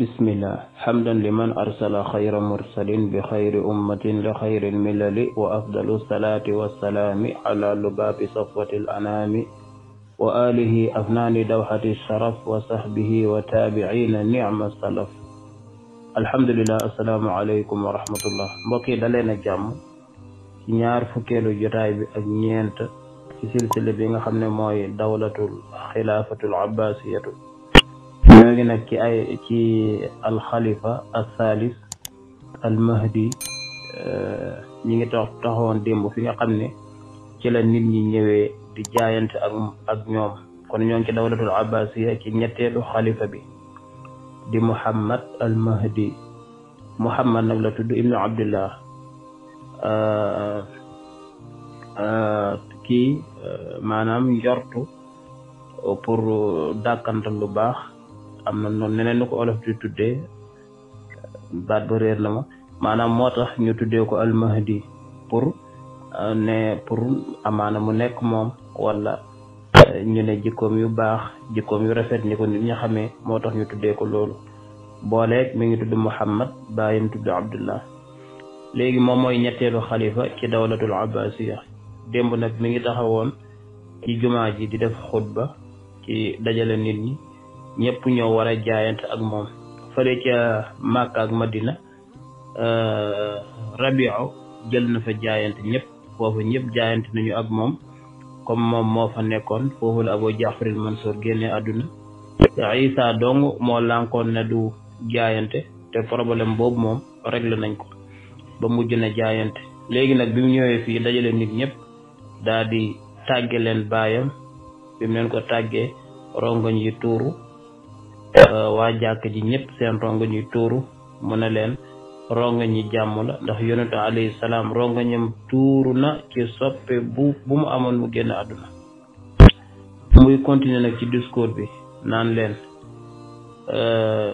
بسم الله حمدا لمن أرسل خير مرسل بخير أمة لخير الملل وأفضل الصلاة والسلام على لباب صفوة الأنام وآله أفنان دوحة الشرف وصحبه وتابعين نعم السلف الحمد لله السلام عليكم ورحمة الله مبكي دالينا جام نيار فكيلو جرائب bi في سلسلة ci silsile bi دولة الخلافة العباسية ginnaaw nag ci ay ci alxalifa althaalis almahdi euh, ñi ngi tax taxawoon démb fi nga xam ne ci la nit ñi ñëwee di jaayante ak ñoom kon ñoo ngi ci dawlatul abbasiya ci ñetteelu xalifa bi di muhammad almahdi muhammad nag la tudd ibnu abdullah euh, euh, kii maanaam njortu pour dàkkantal lu baax am na noonu neneen nu ko olof di tudde baat ba réer la ma maanaam moo tax ñu tuddee ko almahdi pour euh, ne pour amaana mu nekk moom wala euh, ñu ne jikkoom yu baax jikkoom yu rafet ni ko nit ñi xamee moo tax ñu tuddee ko loolu booleeg mi ngi tudd Muhammad baayam tudd Abdullah léegi moom mooy ñetteelu xalifa ci dawlatul abbasiya démb nag mi ngi taxawoon ci jumaa ji di def xutba ci dajale nit ñi ñëpp ñoo war a jaayante ak moom fële maak Màkka ak Madina euh, Rabiu jël na fa jaayante ñëpp foofu ñëpp jaayante nañu ak moom comme moom moo fa nekkoon foofu la Abu Jaafaril Mansour génne àdduna Isa dong moo lànkoon ne du jaayante te problème boobu moom réglé nañ ko ba mujj na jaayante léegi nag bi mu ñëwee fii dajale nit ñëpp daal di tàgge leen baayam bi mu ko tàggee rongoñ tuuru Euh, waa jàkk ji ñëpp seen rongo ñuy tuuru mu ne leen rongo ñi jàmm la ndax yonentu salaam rongo ñam tuuru na ci soppe bu bu mu amoon mu génn àdduna muy continuer nag ci discours bi naan leen euh,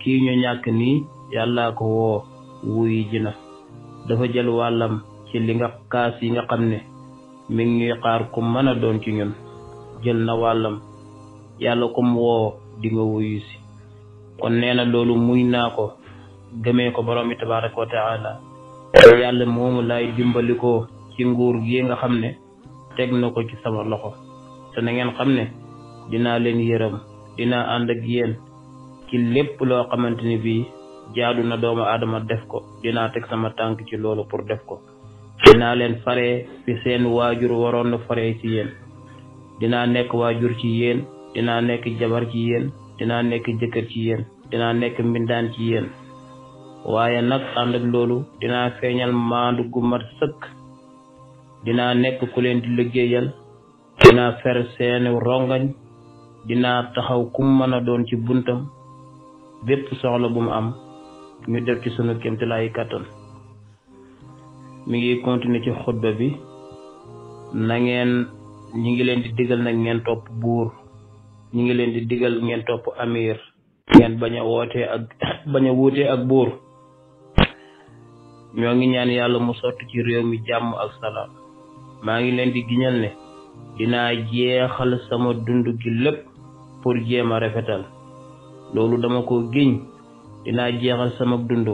kii ñu ñàkk nii yàllaa ko woo wuy ji na dafa jël wàllam ci li nga kaas yi nga xam ne mi ngi ñuy xaar ku mën a doon ci ñun jël na wàllam yàlla kum woo di nga kon nee na loolu muñ naa ko gëmee ko borom bi tabaraka wa taala yàlla moomu lay dimbali ko ci nguur gi nga xam ne teg na ko ci sama loxo te na ngeen xam ne dinaa leen yërëm dinaa ànd ak yéen ci lépp loo xamante ni bii jaadu na doomu aadama def ko dinaa teg sama tànk ci loolu pour def ko dinaa leen fare fi seen waajur waroon na fare ci yéen dinaa nekk waajur ci yéen dinaa nekk jabar ci yéen dinaa nekk jëkkër ci yéen dinaa nekk mbindaan ci yéen waaye nag ànd loolu dinaa feeñal maandu gu mat sëkk dinaa nekk ku leen di liggéeyal dinaa fer seeni rongañ dinaa taxaw kum mën a doon ci buntam bépp soxla bu mu am ñu def ci sunu kéemtalaayu kàttan mi ngi continuer ci xutba bi na ngeen ñi ngi leen di diggal na ngeen topp buur ñi ngi leen di digal ngeen topp amir ngeen bañ a wootee ak bañ a wuutee ak buur ñoo ngi ñaan yàlla mu sotti ci réew mi jàmm ak salaam maa ngi leen di giñal ne dinaa jeexal sama dund gi lépp pour jéem rafetal loolu dama ko giñ dinaa jeexal sama dund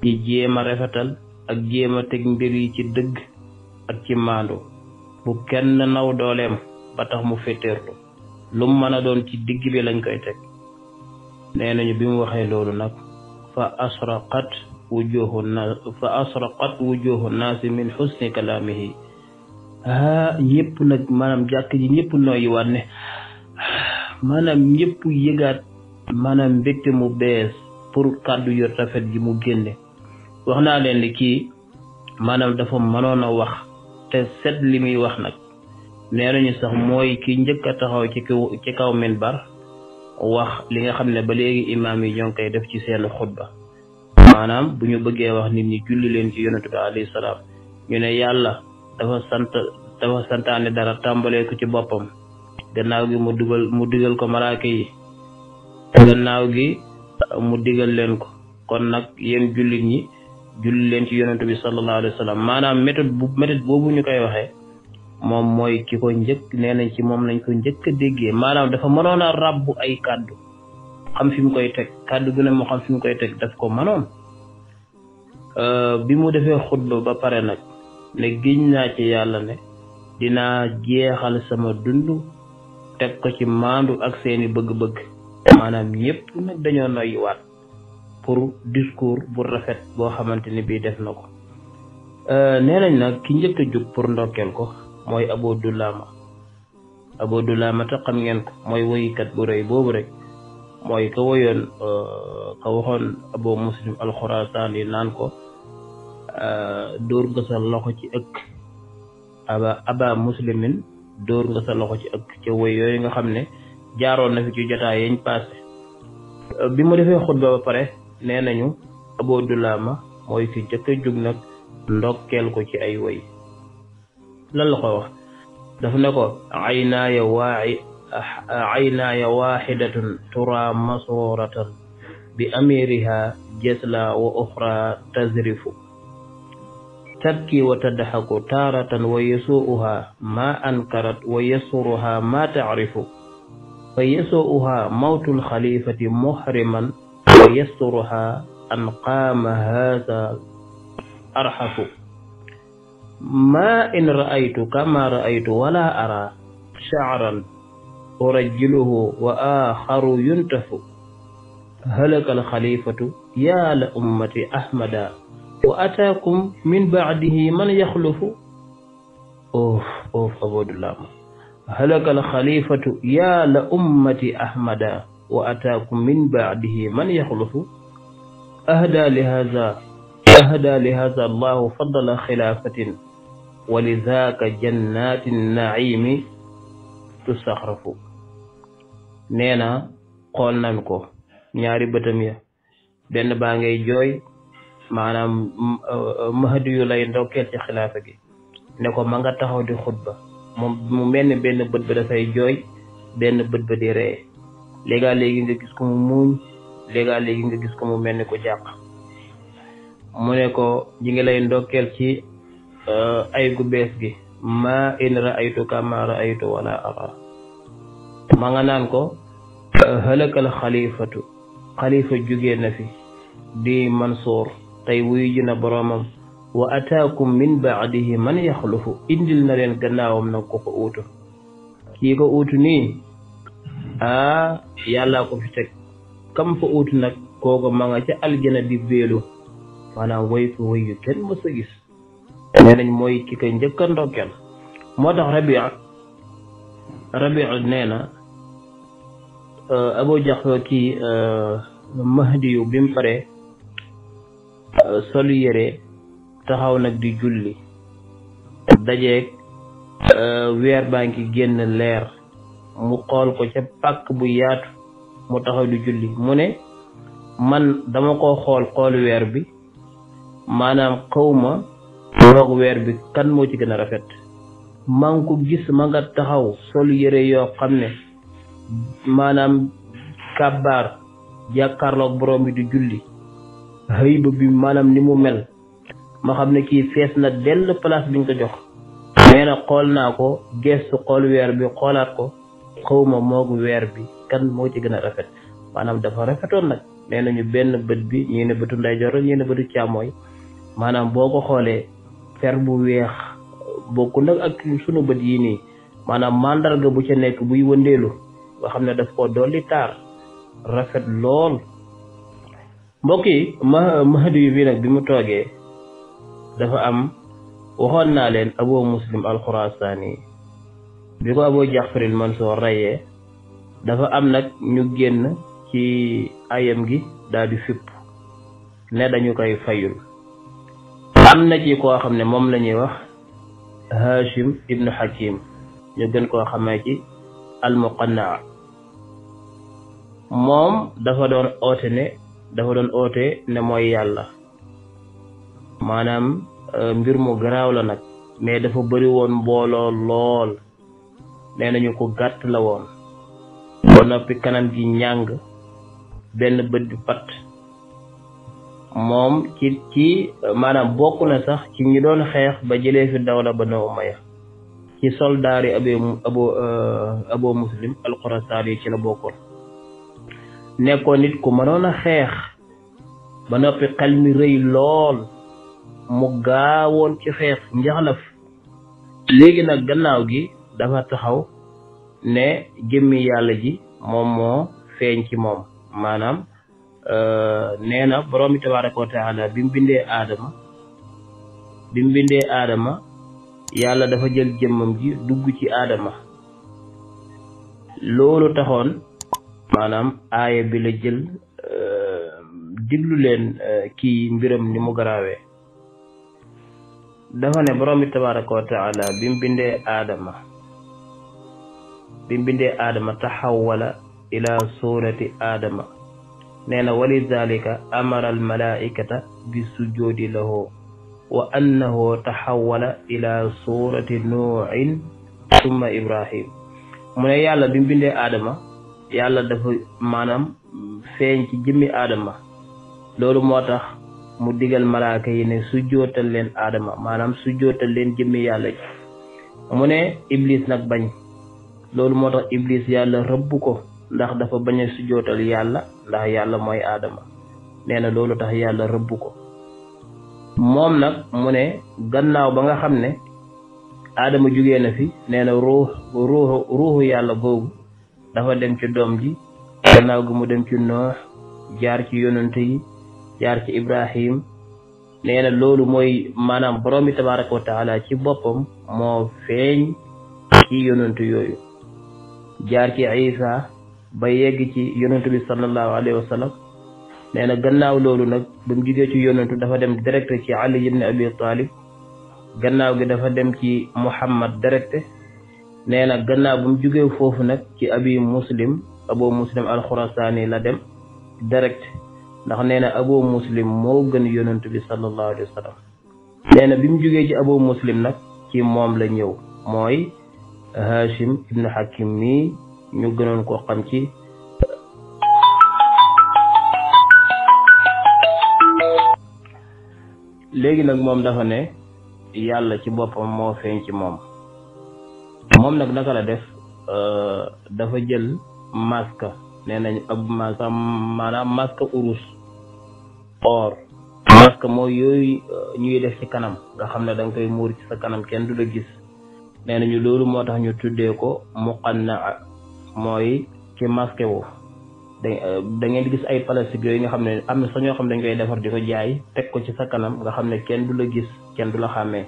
ci jéem rafetal ak jéem a teg mbir yi ci dëgg ak ci maandu bu kenn naw dooleem ba tax mu féeteerlu lu mu mën a doon ci digg bi lañ koy teg nee nañu bi mu waxee loolu nag fa asraqat wujuhu naas fa asraqat wujuhu naasi min xusni kalaamihi ah ñëpp nag maanaam jàkk ji ñëpp nooyi waat ne maanaam ñëpp yëgaat maanaam mbégte mu bees pour kàddu yu rafet ji mu génne wax naa leen ni kii maanaam dafa mënoon a wax te set li muy wax nag nee nañu sax mooy ki njëkk a taxaw ci kaw ci kaw minbar wax li nga xam ne ba léegi imam yi ñoo ngi koy def ci seen xutba maanaam bu ñu bëggee wax nit ñi julli leen ci yonent bi alayhi salaam ñu ne yàlla dafa sant dafa santaane dara tàmbalee ci boppam gannaaw gi mu dugal mu digal ko maraaka yi gannaaw gi mu digal leen ko kon nag yéen jullit ñi julli leen ci yonent bi sallallahu alayhi wa sallam maanaam méthode bu boobu ñu koy waxee moom mooy ki ko njëkk nee nañ ci moom lañ ko njëkk a déggee maanaam dafa mënoon a rabbu ay kàddu xam fi mu koy teg kàddu gu ne moo xam fi mu koy teg daf ko mënoon euh, bi mu defee xutba ba pare nag ne giñ naa ci yàlla ne dinaa jeexal sama dund teg ko ci maandu ak seeni bëgg-bëgg maanaam ñëpp nag dañoo noyyiwaat pour discours bu rafet boo xamante ni bii def na ko euh, nee nañ nag ki njëkk a jug pour ndokkeel ko mooy Abu dulama abo Dulaama te xam ngeen ko mooy woykat bu rëy boobu rek mooy ka woyoon euh, ka waxoon Abu Muslim al-Khurasani naan ko euh, dóor nga sa loxo ci ëkk aba aba muslimin dóor nga sa loxo ci ëkk ca woy yooyu nga xam ne jaaroon na fi ci jotaay yeñ passé euh, bi mu defee xutba ba pare nee nañu abo dulama mooy ki jëkk a jug nag ndokkeel ko ci ay woy lan la koy wax dafa ne ko aynaaya waaci aynaaya waaxidatun turaa masuuratan bi amiriha jesla wa uxra tasrifu تبكي وتضحك تارة ويسوؤها ما أنكرت ويسرها ما تعرف فيسوؤها موت الخليفة محرما ويسرها أن قام هذا أرحف ما إن رأيت كما رأيت ولا أرى شعرا أرجله وآخر ينتف هلك الخليفة يا لأمة أحمد وأتاكم من بعده من يخلف أوف أوف أبو دلام هلك الخليفة يا لأمة أحمد وأتاكم من بعده من يخلف أهدى لهذا أهدى لهذا الله فضل خلافة wa li zaaka jannati naimi tustaxrafu nee na xool nañ ko ñaari bëtam ya benn baa ngay jooy maanaam mahdi yu lay ndokkeel ci xilaafa gi ne ko ma nga taxaw di xutba moom mu mel ni benn bët ba dafay jooy benn bët ba di ree léegaa léegi nga gis ko mu muuñ léegaa léegi nga gis ko mu mel ni ko jàq mu ne ko ñi lay ndokkeel ci Euh, ay gu bees gi ma in ra'aytu kama ra'aytu wala ma nga naan ko xëlëkal xalifatu xalifa jóge na fi di Mansour tey wuyu ji na boroomam wa ataakum min baadihi man yaxlufu indil na leen gannaawam nag ko ko uutu kii ko uutu nii aa ah, yàllaa ko fi teg kam fa uutu nag kooku ma nga ca aljana di béelu maanaam woy ko woy yu kenn mës gis nee nañ mooy ki koy njëkk a ndokkeel moo tax rabia rabia nee na Abu Jaxfa kii Mahdi yu bim pare paree solu yére taxaw nag di julli dajeeg weer baa ngi génn leer mu xool ko ca pàkk bu yaatu mu taxaw di julli mu ne man dama ko xool xool weer bi maanaam xawma wax weer bi kan moo ci gën a rafet maa ngi ko gis ma nga taxaw sol yére yoo xam ne maanaam kàbbaar jàkkaarloog borom bi di julli xëyba bi maanaam ni mu mel ma xam ne kii fees na dell place bi nga jox nee na xool naa ko gestu xool weer bi xoolaat ko xawma moog weer bi kan moo ci gën a rafet maanaam dafa rafetoon nag nee nañu benn bët bi ñii ne bëtu ndeyjoor ñii ne bëtu càmmooy maanaam boo ko xoolee per bu wex bokku nak ak sunu bët yi manam maanaam ga bu ci nek buy wëndeelu nga xamne daf ko doli tar rafet lol mbokki ma mahdi bi dafa am waxon na len abu muslim khurasani bi ko abu al mansoor raye dafa am nak ñu genn ci ayam gi da di fipp ne dañu koy fayul am na ci koo xam ne moom la ñuy wax Hashim ibnu Hakim ñu gën koo xamee ci almuqannaa moom dafa doon oote ne dafa doon oote ne mooy yàlla maanaam euh, mbir mu garaaw la nag mais dafa bëri woon mbooloo lool nee nañu ko gàtt la woon ba kanam gi ñàng benn bët pat moom ci ci maanaam bokk na sax ci ñi doon xeex ba jëlee fi dawla Banu Umayya ci soldaari abu abu euh, abo muslim alxurasaani yi ci la bokkoon nekkoon nit ku mënoon a xeex ba noppi xel mi rëy lool mu gaawoon ci xeex njaxlaf léegi nag gannaaw gi dafa taxaw ne jëmmi yàlla ji moom moo feeñ ci moom maanaam Eh, neena borom i tabaraka wa taala bimbindee aadama bimbindee aadama yàlla dafa jël jëmmam ji dugg ci aadama loolu taxoon maanaam aaya bi la jël eh, diglu leen eh, kii mbiram ni mu garaawee dafa ne borom i tabaraka wa taala bimbindee aadama bimbindee aadama taxawala ila suurati aadama nee na walidalika amara almalaikata bi sujudi lahu wa annahu taxawala ila surati nuuhin summa ibrahim mu ne yàlla bi mu aadama yàlla dafa maanaam feeñ ci jëmmi aadama loolu moo tax mu digal malaaka yi ne su jootal leen aadama maanaam su jootal leen jëmmi yàlla mu ne iblis nag bañ loolu moo tax iblis yàlla rëbb ko ndax dafa bañ a su yàlla ndax yàlla mooy aadama nee na loolu tax yàlla rëbb ko moom nag mu ne gannaaw ba nga xam ne aadama jugee na fi nee na ruux ruuxu yàlla googu dafa dem ci doom ji gannaaw gi mu dem ci noox jaar ci yonantu yi jaar ci ibrahim nee na loolu mooy maanaam boroom bi tabaraka wa ci boppam moo feeñ ci yonantu yooyu jaar ci isa ba yegg ci yonentu bi sallallahu alayhi wa sallam nee na gannaaw loolu nag ba mu jugee ci yonentu dafa dem direct ci ali ibn abi talib gannaaw gi dafa dem ci muhammad direct nee na gannaaw bu mu jugee foofu nag ci abi muslim abo muslim alxurasaani la dem direct ndax nee na abo muslim moo gën yonentu bi sallallahu wa sallam nee na bi mu jugee ci abo muslim nag ci moom la ñëw mooy hashim ibnu hakim mii ñu gënoon ko xam ci léegi nag moom dafa ne yàlla ci boppam moo feeñ ci moom moom nag naka la def euh, dafa jël masque nee nañ ab masque maanaam masque urus or maska mooy yooyu euh, ñuy def ci kanam nga xam ne da koy muur ci sa kanam kenn du la gis nee nañu loolu moo ñu tuddee ko muqannaa mooy ci masqué wu euh, da ngeen di gis ay plastique yooyu nga xam ne am na sa ñoo xam ne dañ koy defar di ko jaay teg ko ci sa kanam nga xam ne kenn du la gis kenn du la xàmmee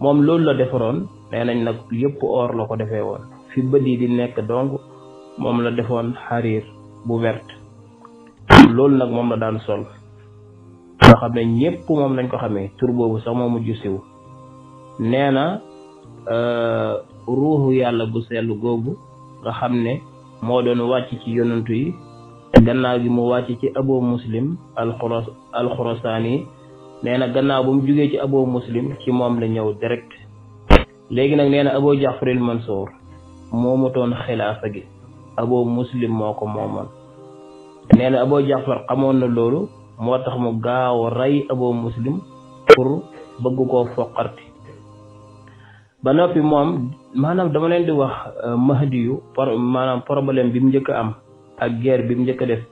moom loolu la defaroon nee nañ nag yëpp or la ko defee woon fi bët yi di nekk donc moom la defoon xariir bu wert loolu nag moom la daan sol nga xam ne ñëpp moom lañ ko xamee tur boobu sax moo mujj siw euh, ruuxu yàlla bu sell googu nga xam ne moo doon wàcc ci yonantu yi te gannaaw gi mu wàcc ci abo muslim alxuros alxurasaani nee na gannaaw bu mu jugee ci abo muslim ci moom la ñëw direct léegi nag nee na abo jaxfaril mansour moomutoon xilaafa gi abo muslim moo ko moomoon nee na abo jaxfar xamoon na loolu moo tax mu gaaw rey abo muslim pour bëgg koo foqarti ba noppi moom maanaam dama leen di wax euh, Mahdi yu par maanaam problème bi mu njëkk a am ak guerre bi mu njëkk a def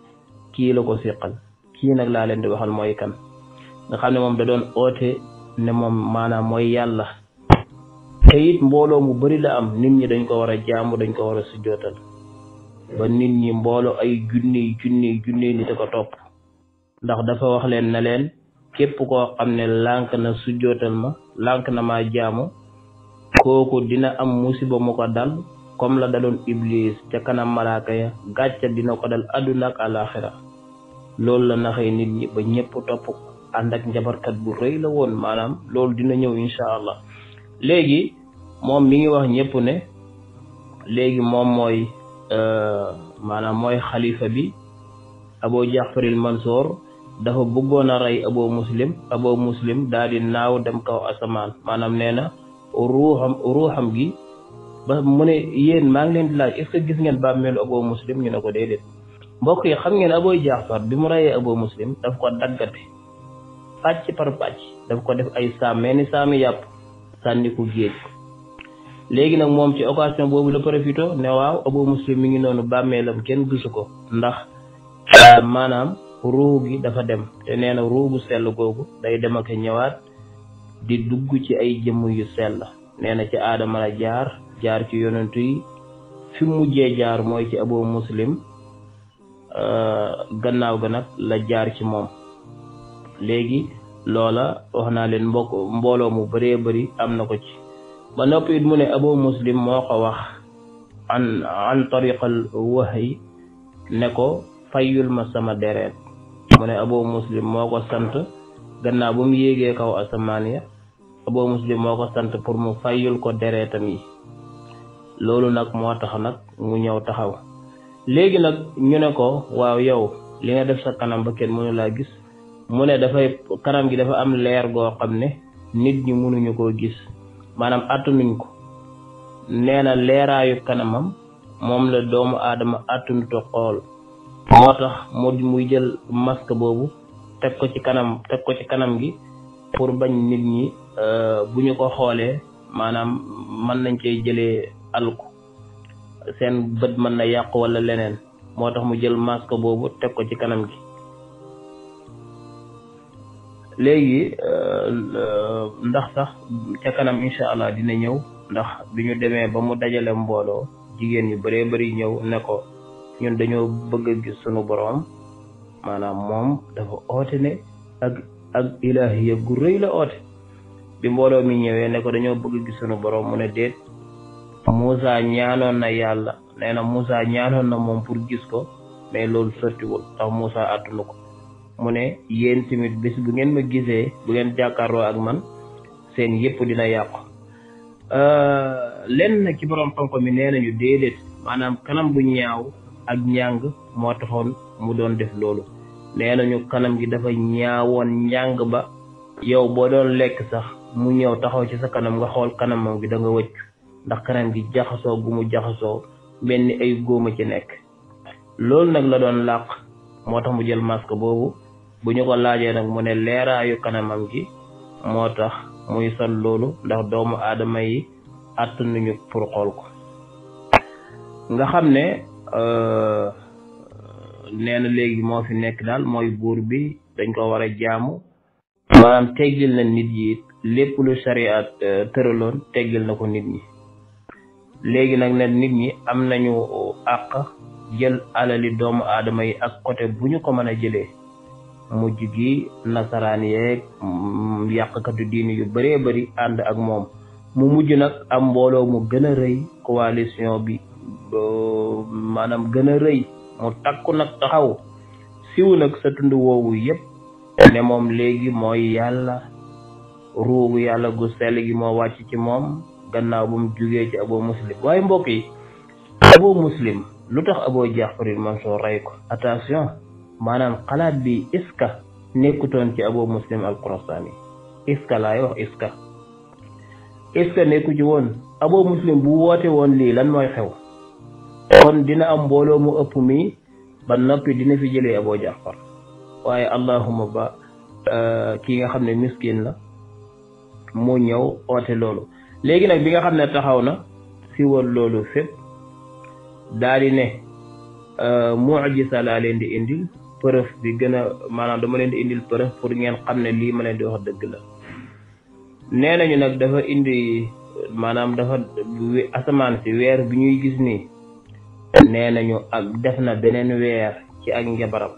kii la ko seqal kii nag laa leen di waxal mooy kan nga xam ne moom da doon oote ne moom maanaam mooy yàlla te it mbooloo mu bari la am nit ñi dañ ko war a jaamu dañ ko war a sujjootal ba nit ñi mbooloo ay junniy junniy junniy nit a ko topp ndax dafa wax leen na leen képp koo xam ne lànk na sujjootal ma lànk na maa jaamu koku dina am musiba moko dal comme la dalon iblis ca kanam malaaka ya gatcha dina ko dal aduna ak alakhirah lol la naxee nit ñi ba ñepp top ak kat bu reey la won manam lol dina ñew inshallah allah mom mi ngi wax ñepp ne mom moy euh manam moy khalifa bi abo al mansur dafa bëggona ray abo muslim abo muslim dari di naaw dem kaw asaman manam neena ruuxam ruuxam gi ba mu ne yéen maa ngi leen di laaj est ce que gis ngeen bàmmeelu abo muslim ñu ne ko déedéet mbokk yi xam ngeen aboy jaafar bi mu rayee abo muslim daf ko daggate pàcc par pàcc daf ko def ay saam mel saami yàpp sànni ko géej léegi nag moom ci occasion boobu la profité ne waaw abo muslim mi ngi noonu bàmmeelam kenn gisu ko ndax maanaam ruux gi dafa dem te nee na ruugu sell googu day dem ak ñëwaat di dugg ci ay jëmm yu sell nee na ci aadama la jaar jaar ci yonentu yi fi mujjee jaar mooy ci abo muslim gannaaw ga nag la jaar ci moom léegi loola wax naa leen mbokk mbooloo mu bëree bari am na ko ci ba noppi it mu ne abo muslim moo ko wax an an tariqal wahyi ne ko fayul ma sama deret mu ne abo muslim moo ko sant gannaaw ba mu yéegee kaw asamaan ya aboo muslim moo ko sant pour mu fayul ko deretam yi loolu nag moo tax nag mu ñëw taxaw léegi nag ñu ne ko waaw yow li nga def sa kanam ba kenn mënu laa gis mu ne dafay kanam gi dafa am leer goo xam ne nit ñi mënuñu koo gis maanaam àttanuñ ko nee leeraayu kanamam moom la doomu aadama àttanute xool moo tax mu muy jël masque boobu teg ko ci kanam teg ko ci kanam gi pour bañ nit ñi euh, bu ñu ko xoolee maanaam man nañ cee jëlee alku seen bët mën na yàqu wala leneen moo tax mu jël masque boobu teg ko ci kanam gi léegi euh, euh, ndax sax ca kanam incha allah dina ñëw ndax bi ñu demee ba mu dajale mbooloo jigéen yu bëree bëri ñëw ne ko ñun dañoo bëgg a gis sunu boroom maanaam moom dafa oote ne ak ak ilaahiya gu la oote bi mbooloo mi ñëwee ne ko dañoo bëgg gis sunu borom mu ne déet Moussa ñaanoon na yàlla nee na Moussa ñaanoon na moom pour gis ko mais loolu sottiwul ndax Moussa attunu ko mu ne yéen tamit bis bu ngeen ma gisee bu ngeen jàkkaarloo ak man seen yëpp dina yàqu euh, lenn na ci borom xam-xam mi nee nañu déedéet maanaam kanam bu ñaaw ak njàng moo taxoon mu doon def loolu nee nañu kanam gi dafa ñaawoon njàng ba yow boo doon lekk sax mu ñëw taxaw ci sa kanam nga xool kanamam gi danga nga wëcc ndax kanam gi jaxasoo gu mu jaxasoo benn ay góoma ci nekk loolu nag la doon làq moo tax mu jël masque boobu bu ñu ko laajee nag mu ne leeraayu kanamam gi moo tax muy sol loolu ndax doomu aadama yi àttanuñu pour xool ko nga xam ne euh, nee na léegi moo fi nekk daal mooy buur bi dañ ko war a jaamu ah. maanaam teggil na nit yi lépp lu sariyaat euh, tëraloon teggil na ko nit ñi léegi nag ne nit ñi am nañu àq jël alali doomu aadama yi ak côté bu ñu ko mën a jëlee mujj gi nasaraan yeeg mm, yàqkatu diin yu bëree bari ànd ak moom mu mujj nag am mbooloo mu gën a rëy coalition bi euh, maanaam gën a rëy mu takku nag taxaw siw nag sa tund woowu yépp ne moom léegi mooy yàlla ruugu yàlla gu sell gi moo wàcc ci moom gannaaw bu mu jugee ci abo muslim waaye mbokk yi abo muslim lu tax abo jaafar Mansour rey ko attention maanaam xalaat bi iska nekkutoon ci abo muslim al Qurasani iska laay wax iska iska nekku ci woon abo muslim bu woote woon lii lan mooy xew kon dina am mbooloo mu ëpp mi ba noppi dina fi jëlee Abu Jaafar waaye allahuma ba euh, ki nga xam ne miskin la mu ñëw oote loolu léegi nag bi nga xam ne taxaw na si woon loolu fépp daal di ne euh, mujisa laa leen di indil preuve bi gën a maanaam dama leen di indil preuve pour ngeen xam ne lii ma leen di wax dëgg la nee nañu nag dafa indi maanaam dafa asamaan si weer bi ñuy gis nii nee nañu ak def na beneen weer ci ak njabaram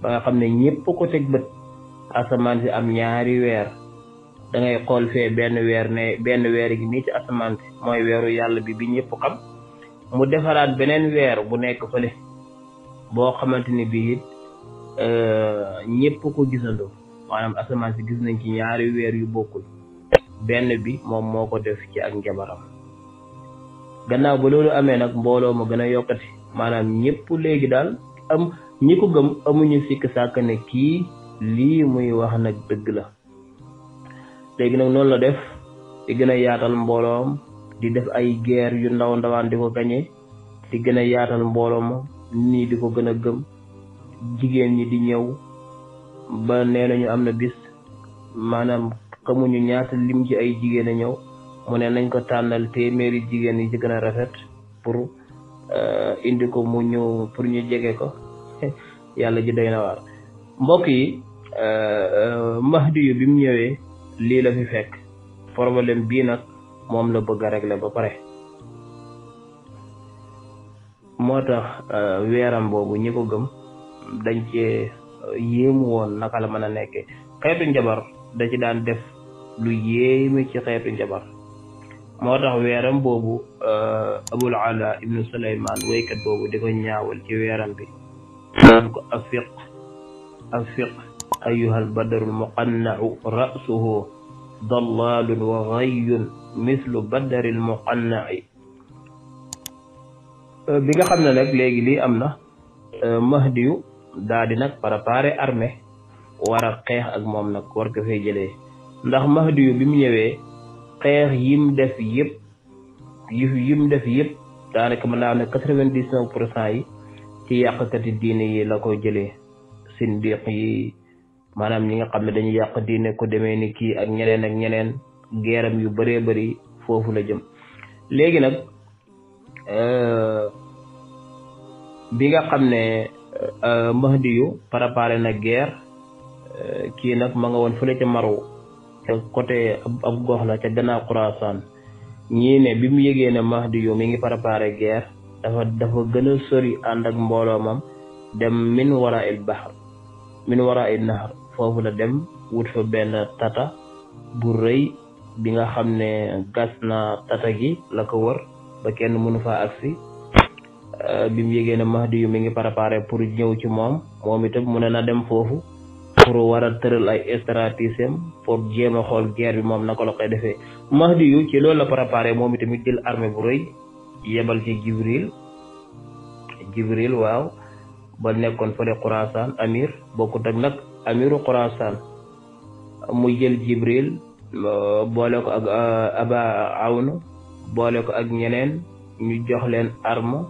ba nga xam ne ñëpp ko teg bët asamaan si am ñaari weer dangay ngay fee benn weer ne benn weer gi nii ci asamaan si mooy weeru yàlla bi bi ñëpp xam mu defaraat beneen weer bu nekk fële boo xamante ni bii it euh, ñëpp ko gisandoo maanaam asamaan si gis nañ ci ñaari weer yu bokkul benn bi moom moo ko def ci ak njabaram gannaaw ba loolu amee nag mbooloo ma gën a yokkati maanaam ñëpp léegi daal am ñi ko gëm amuñu sikk sàkk ne kii lii muy wax nag dëgg la léegi nag noonu la def di gën a yaatal mbooloom di def ay guerre yu ndaw ndawaan di ko gañe di gën a yaatal mbooloo ma nii di ko gën a gëm jigéen ñi di ñëw ba nee nañu am na bis maanaam xamuñu ñaata lim ci ay jigéen a ñëw mu ne nañ ko tànnal téeméeri jigéen yi ci gën a rafet pour euh, indi ko mu ñëw pour ñu jege ko yàlla ji doy na waar mbokk yi euh, euh, mahdi yu bi mu ñëwee lii la fi fekk problème bii nag moom la bëgg a régler ba pare moo tax weeram boobu ñi ko gëm dañ ci yéemu woon naka la mën a nekkee xeetu njabar da ci daan def lu yéeme ci xeetu njabar moo tax weeram boobu euh, abul ala ibnu suleyman waykat boobu di ko ñaawal ci weeram bi naan hmm. ko afiq afiq ayuhal badarul muqannau rasuhu dallaalun wa ghayyun mislu badaril muqannai euh, bi nga xam ne nag léegi lii am na euh, mahdiyu daa di nag préparé armée xeex ak moom nag war ko fay jëlee ndax mahdiyu bi mu ñëwee xeex yim def yëpp yi yim def yëpp daanaka mën naa ne quatre-vingt-dix-neuf pour cent yi ci yàqkati diine yi la ko jëlee sindiq yi maanaam ñi nga xam ne dañuy yàq diine ku demee ni kii ak ñeneen ak ñeneen geeram yu bëree bari foofu la jëm léegi nag euh, bi nga xam ne euh, Mahdi yu préparé na guerre euh, kii nag ma nga woon fële ca Marw coté ab gox la ca gannaaw Xurasaan ñii ne bi mu yëgee ne Mahdi yu mi ngi préparé guerre dafa dafa gën a sori ànd ak mbooloomam dem min wara il bahar min wara il nahar foofu la dem wut fa benn tata bu rëy bi nga xam ne gas na tata gi la ko wër ba kenn mënu fa agsi euh, bi mu yëgee ne Mahdi yu mi ngi préparé pour ñëw ci moom moom itam mu na dem foofu pour wara a ay stratégie pour jéem xol guerre bi mom nako la koy defé Mahdi yu ci loolu la préparé moom itamit dil armée bu reuy yebal ci Jibril Jibril waw ba nekkoon le khurasan amir bokkut tak nak amiru khurasan mu jël Jibril euh, boole ko ak euh, Aba Awna boole ko ak ñeneen ñu jox leen arme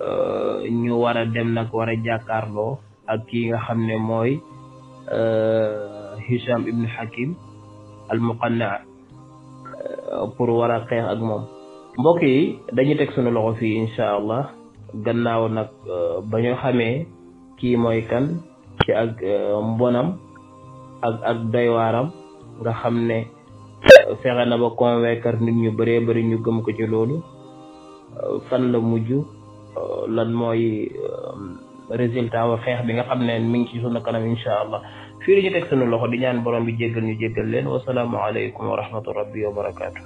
euh, ñu wara dem nak wara jakarlo ak ki nga xamne moy Euh, Hisham ibn Hakim al muqannaa euh, pour war a xeex ak moom mbokk yi dañuy teg sunu loxo fii incha allah gannaaw nag euh, ba ñu xamee kii mooy kan ci ak mbonam ak ak doywaaram nga xam ne fexe na ba convaincre nit ñu baree bëri ñu gëm ko ci loolu fan la mujj lan mooy résultat wa xeex bi nga xam mi ngi ci sunu kanam insha allah fii li ñu tek sunu loxo di ñaan borom bi jéggal ñu jéggal leen wasalaamualeykum wa rahmatu rabbi wa barakatuh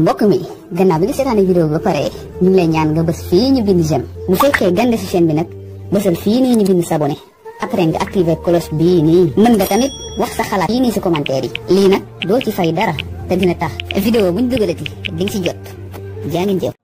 mbokk mi gannaaw bi nga seetaane vidéo ba paré ñu lay ñaan nga bëss fi ñu bind jëm bu fekkee gande ci chaîne bi nak bëssal fi ni ñu bind s'abonner après nga activer cloche bi ni mën nga tamit wax sa xalaat yi ni ci commentaire yi li nak do ci fay dara te dina tax vidéo buñ dugalati di ci jot jaa jëf